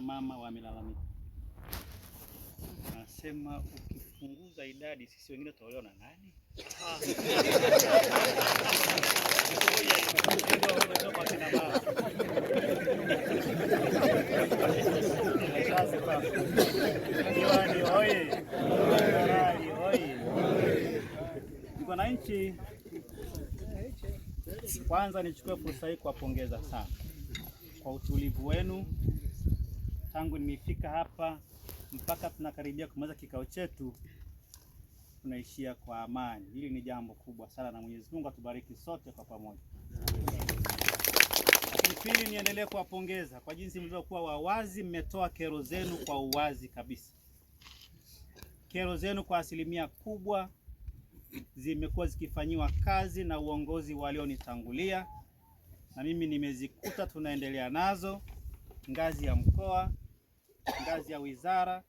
na mama wamelalamika, nasema ukipunguza idadi sisi wengine tutaolewa na nani? Wananchi, kwanza nichukue fursa hii kuwapongeza sana kwa utulivu wenu tangu nimefika hapa mpaka tunakaribia kumaliza kikao chetu tunaishia kwa amani. Hili ni jambo kubwa sana, na Mwenyezi Mungu atubariki sote kwa pamoja. Lakini pili, niendelee kuwapongeza kwa jinsi mlivyokuwa wawazi, mmetoa kero zenu kwa uwazi kabisa. Kero zenu kwa asilimia kubwa zimekuwa zikifanyiwa kazi na uongozi walionitangulia, na mimi nimezikuta, tunaendelea nazo ngazi ya mkoa, ngazi ya wizara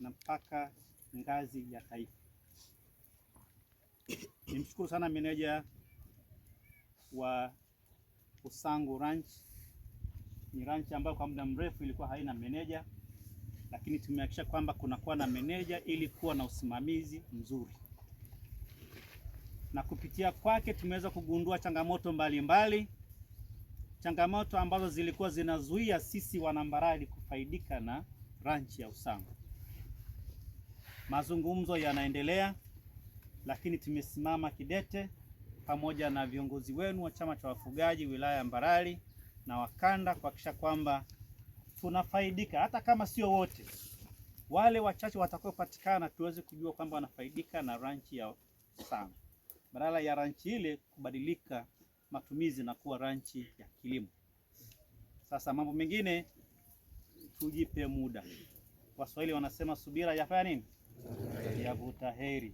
na mpaka ngazi ya taifa. Nimshukuru sana meneja wa Usangu Ranch. Ni ranch ambayo kwa muda mrefu ilikuwa haina meneja, lakini tumehakikisha kwamba kunakuwa na meneja ili kuwa na usimamizi mzuri, na kupitia kwake tumeweza kugundua changamoto mbalimbali mbali, changamoto ambazo zilikuwa zinazuia sisi wanambarali kufaidika na ranchi ya Usangu. Mazungumzo yanaendelea, lakini tumesimama kidete pamoja na viongozi wenu wa chama cha wafugaji wilaya ya Mbarali na wakanda kuhakikisha kwamba tunafaidika, hata kama sio wote, wale wachache watakaopatikana tuweze kujua kwamba wanafaidika na ranchi ya Usangu badala ya ranchi ile kubadilika matumizi na kuwa ranchi ya kilimo. Sasa mambo mengine tujipe muda. Waswahili wanasema subira yafanya nini? Yavuta heri.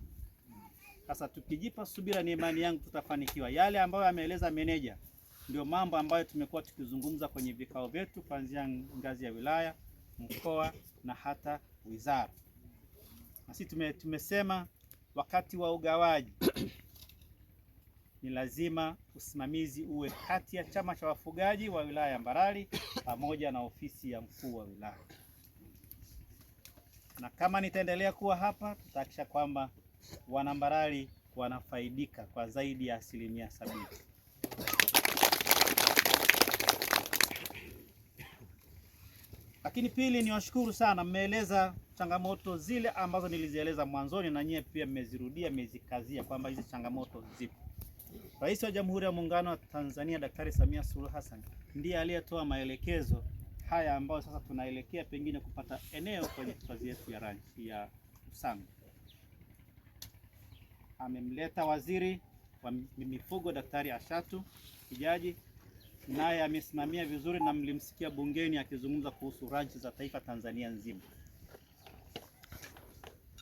Sasa tukijipa subira, ni imani yangu tutafanikiwa. Yale ambayo ameeleza meneja ndio mambo ambayo tumekuwa tukizungumza kwenye vikao vyetu kuanzia ngazi ya wilaya, mkoa na hata wizara. Na sisi tume, tumesema wakati wa ugawaji ni lazima usimamizi uwe kati ya chama cha wafugaji wa wilaya ya Mbarali pamoja na ofisi ya mkuu wa wilaya, na kama nitaendelea kuwa hapa, tutahakisha kwamba wanambarali wanafaidika kwa zaidi ya asilimia sabini. Lakini pili, niwashukuru sana, mmeeleza changamoto zile ambazo nilizieleza mwanzoni, na nyie pia mmezirudia, mmezikazia kwamba hizi changamoto zipo. Rais wa Jamhuri ya Muungano wa Tanzania Daktari Samia Suluhu Hassan ndiye aliyetoa maelekezo haya ambayo sasa tunaelekea pengine kupata eneo kwenye hifadhi yetu ya, ya Usangu. Amemleta waziri wa mifugo Daktari Ashatu Kijaji, naye amesimamia vizuri na mlimsikia bungeni akizungumza kuhusu ranchi za taifa Tanzania nzima,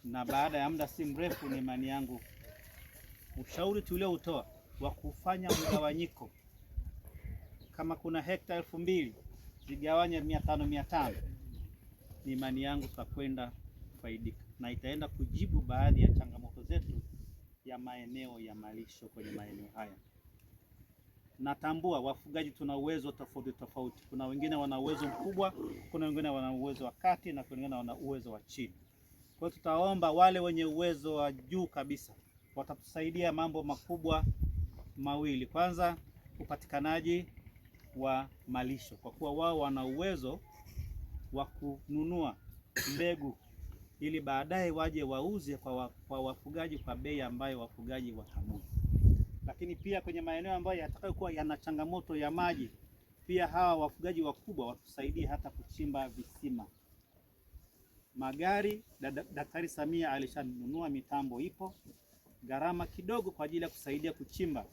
na baada ya muda si mrefu, ni imani yangu ushauri tulioutoa wa kufanya mgawanyiko. Kama kuna hekta elfu mbili zigawanya mia tano mia tano Ni imani yangu tutakwenda kufaidika na itaenda kujibu baadhi ya changamoto zetu ya maeneo ya malisho kwenye maeneo haya. Natambua wafugaji tuna uwezo tofauti tofauti. Kuna wengine wana uwezo mkubwa, kuna wengine wana uwezo wa kati, na kuna wengine wana uwezo wa chini. Kwa hiyo tutaomba wale wenye uwezo wa juu kabisa watatusaidia mambo makubwa mawili. Kwanza, upatikanaji wa malisho, kwa kuwa wao wana uwezo wa kununua mbegu ili baadaye waje wauze kwa wafugaji kwa bei ambayo wafugaji watamua. Lakini pia kwenye maeneo ambayo yatakayokuwa yana changamoto ya maji, pia hawa wafugaji wakubwa watusaidie hata kuchimba visima. Magari Daktari Samia alishanunua, mitambo ipo, gharama kidogo kwa ajili ya kusaidia kuchimba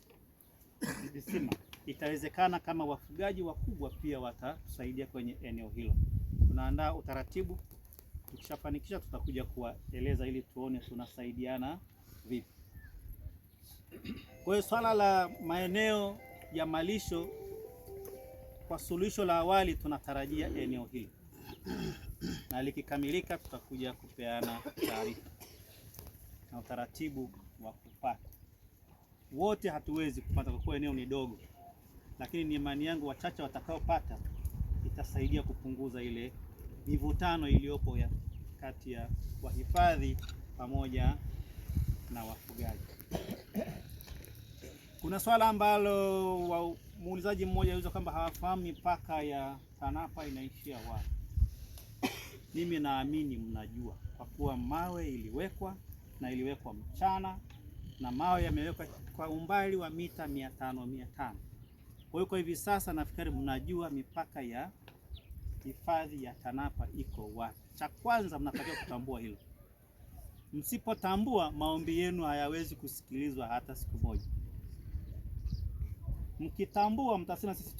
visima, itawezekana kama wafugaji wakubwa pia watatusaidia kwenye eneo hilo. Tunaandaa utaratibu, tukishafanikisha tutakuja kuwaeleza ili tuone tunasaidiana vipi. Kwa hiyo swala la maeneo ya malisho kwa suluhisho la awali tunatarajia eneo hili, na likikamilika tutakuja kupeana taarifa na utaratibu wa kupata wote hatuwezi kupata kwa kuwa eneo ni dogo, lakini ni imani yangu wachache watakaopata itasaidia kupunguza ile mivutano iliyopo ya kati ya wahifadhi pamoja na wafugaji. Kuna swala ambalo muulizaji mmoja aliuliza kwamba hawafahamu mipaka ya TANAPA inaishia wapi. Mimi naamini mnajua, kwa kuwa mawe iliwekwa na iliwekwa mchana na mawe yamewekwa kwa umbali wa mita mia tano mia tano. Kwa hiyo kwa hivi sasa nafikiri mnajua mipaka ya hifadhi ya TANAPA iko wapi. Cha kwanza mnatakiwa kutambua hilo. Msipotambua, maombi yenu hayawezi kusikilizwa hata siku moja. Mkitambua mtasema sisi